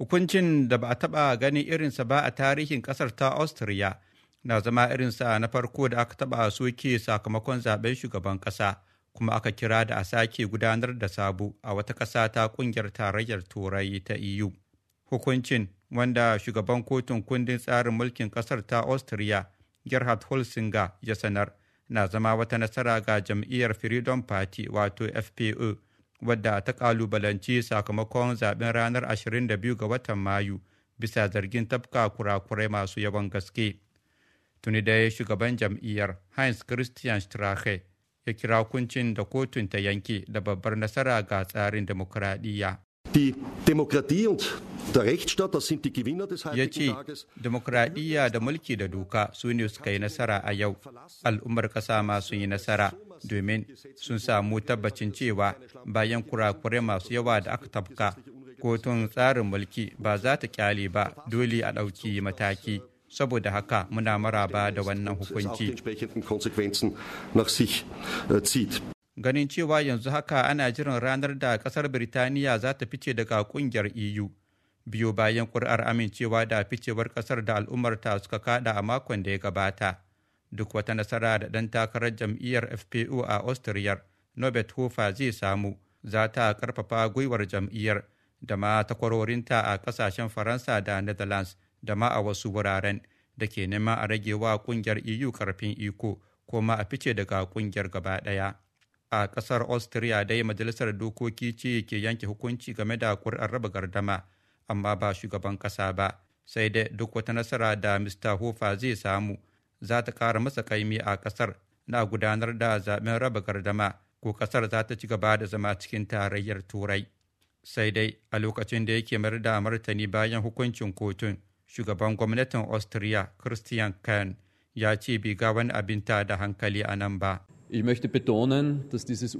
hukuncin da ba a taɓa ganin irinsa ba a tarihin ƙasar ta austria na zama irinsa na farko da aka taɓa soke sakamakon zaben shugaban ƙasa kuma aka kira da a sake gudanar da sabo a wata ƙasa ta ƙungiyar tarayyar turai ta eu hukuncin wanda shugaban kotun kundin tsarin mulkin ƙasar ta austria gerhard holsinger ya sanar na zama wata nasara ga jam'iyyar freedom party wato fpo wadda ta kalubalanci sakamakon zaben ranar 22 ga watan mayu bisa zargin tafka kurakurai masu yawan gaske tuni dai shugaban jam'iyyar heinz christian strache ya kira kuncin da kotun ta yanke da babbar nasara ga tsarin demokuraɗiyya. ya ce und da mulki da doka su ne suka yi nasara a yau. Al'ummar ƙasa ma sun yi nasara. domin sun samu tabbacin cewa bayan kurakure masu yawa da aka tafka kotun tsarin mulki ba za ta kyale ba dole a ɗauki mataki saboda haka muna maraba da wannan hukunci ganin cewa yanzu haka ana jiran ranar da kasar birtaniya za ta fice daga kungiyar eu biyo bayan ƙuri'ar amincewa da ficewar kasar da al'ummarta suka kada a makon da ya gabata duk wata nasara da ɗan takarar jam'iyyar FPO a austria norbert hofer zai samu za ta karfafa gwiwar jam'iyyar da ma takwarorinta a ƙasashen faransa da netherlands da ma a wasu wuraren da ke nema a rage wa ƙungiyar eu ƙarfin iko ko ma a fice daga ƙungiyar gaba ɗaya a ƙasar austria dai majalisar dokoki ce ke yanke hukunci game da ƙuri'ar raba gardama amma ba shugaban ƙasa ba sai dai duk wata nasara da mr hofa zai samu za ta ƙara masa kaimi a ƙasar na gudanar da zaben raba gardama ko ƙasar za ta ci gaba da zama cikin tarayyar turai sai dai a lokacin da yake mayar da martani bayan hukuncin kotun shugaban gwamnatin austria christian kahn ya ce bai ga wani abin ta da hankali a nan ba Ich möchte betonen, dass dieses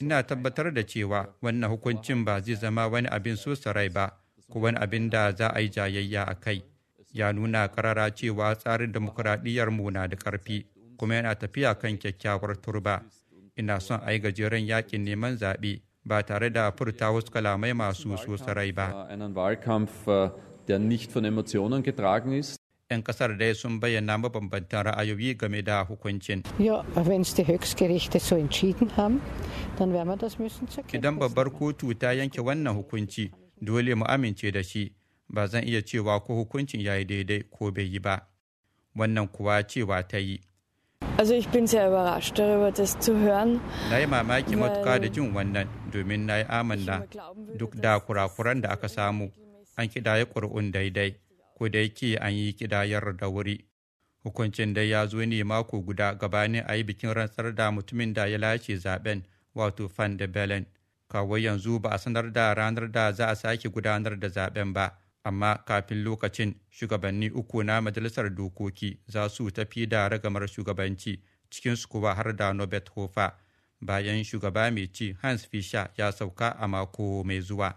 ina tabbatar da cewa wannan hukuncin ba zai zama wani abin so sarai ba, ko wani abin da za a yi jayayya a kai. ya nuna karara cewa tsarin mu na da ƙarfi kuma yana tafiya kan kyakkyawar turba ina son a yi gajeren yakin neman zaɓe ba tare da furta wasu kalamai masu sosarai ba. Äh, 'yan kasar dai sun bayyana mabambantan ra'ayoyi game da hukuncin. Idan babbar kotu ta yanke wannan hukunci, dole mu amince da shi. ba zan iya cewa ko hukuncin ya yi daidai ko bai yi ba wannan kuwa cewa ta yi Also ich bin sehr überrascht darüber, das zu hören. Na yi mamaki matuka da jin wannan domin na yi amanna duk da kurakuran da aka samu an kidaya ƙuri'un daidai ko da yake an yi kidayar da wuri. Hukuncin dai ya zo ne mako guda gabanin a yi bikin rantsar da mutumin da ya lashe zaben wato Van de Bellen. Kawai yanzu ba a sanar da ranar da za a sake gudanar da zaben ba. amma kafin lokacin shugabanni uku na majalisar dokoki za su tafi da ragamar shugabanci cikin su kuwa har da Norbert Hofer bayan shugaba mai ci Hans Fischer ya sauka a mako mai zuwa.